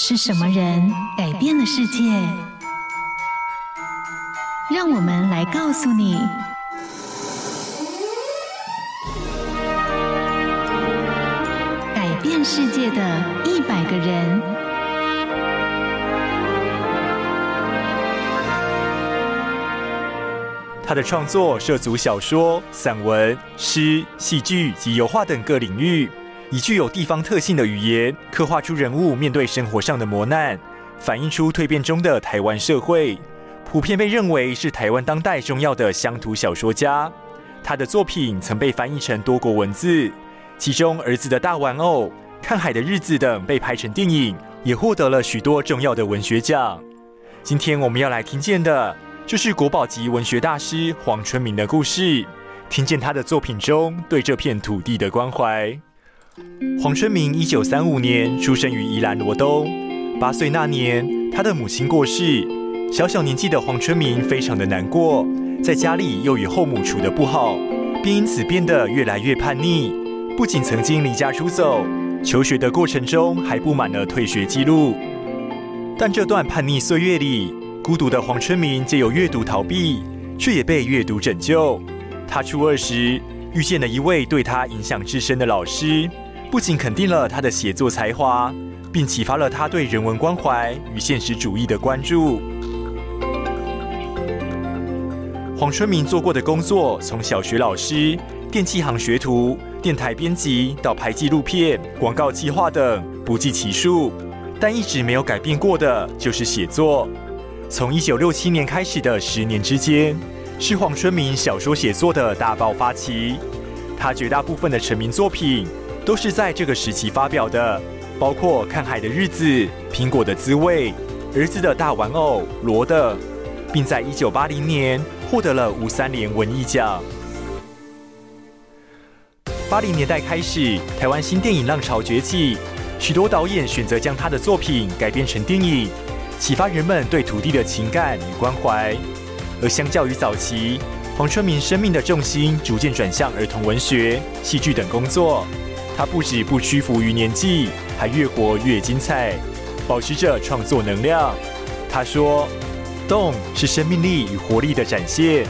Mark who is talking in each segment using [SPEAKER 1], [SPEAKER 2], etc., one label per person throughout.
[SPEAKER 1] 是什麼人改變了世界？讓我們來告訴你：改變世界的一百個人。他的創作涉足小說、散文、詩、戲劇及油畫等各領域。以具有地方特性的語言刻畫出人物面對生活上的磨難，反映出蛻變中的台灣社會，普遍被認為是台灣當代重要的鄉土小說家。他的作品曾被翻譯成多國文字，其中《兒子的大玩偶》、《看海的日子》等被拍成電影，也獲得了許多重要的文學獎。今天我們要來聽見的就是國寶級文學大師黃春明的故事，聽見他的作品中對這片土地的關懷。黃春明一九三五年出生於宜蘭羅東，八歲那年，他的母親過世，小小年紀的黃春明非常的難過，在家裡又與後母處得不好，並因此變得越來越叛逆。不僅曾經離家出走，求學的過程中還布滿了退學記錄。但這段叛逆歲月裡，孤獨的黃春明借由閱讀逃避，卻也被閱讀拯救。他初二時遇見了一位對他影響至深的老師。不僅肯定了他的寫作才華，並啟發了他對人文關懷與現實主義的關注。黃春明做過的工作，從小學老師、電器行學徒、電台編輯，到拍紀錄片、廣告計劃等，不計其數。但一直沒有改變過的，就是寫作。從一九六七年開始的十年之間，是黃春明小說寫作的大爆發期。他絕大部分的成名作品，都是在這個時期發表的，包括《看海的日子》《蘋果的滋味》《兒子的大玩偶》《鑼的》，並在一九八零年獲得了吳三連文藝獎。八零年代開始，台灣新電影浪潮崛起，許多導演選擇將他的作品改編成電影，啟發人們對土地的情感與關懷。而相較於早期，黃春明生命的重心逐漸轉向兒童文學、戲劇等工作。他不止不屈服於年紀，還越活越精彩，保持着創作能量。他說：“動是生命力與活力的展現，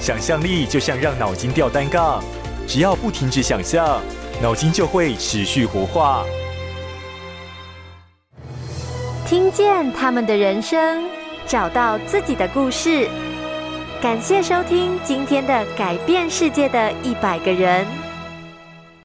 [SPEAKER 1] 想象力就像讓腦筋吊單槓，只要不停止想象，腦筋就會持續活化。”聽見他們的人生，找到自己的故事。感謝收聽今天的《改變世界的一百個人》。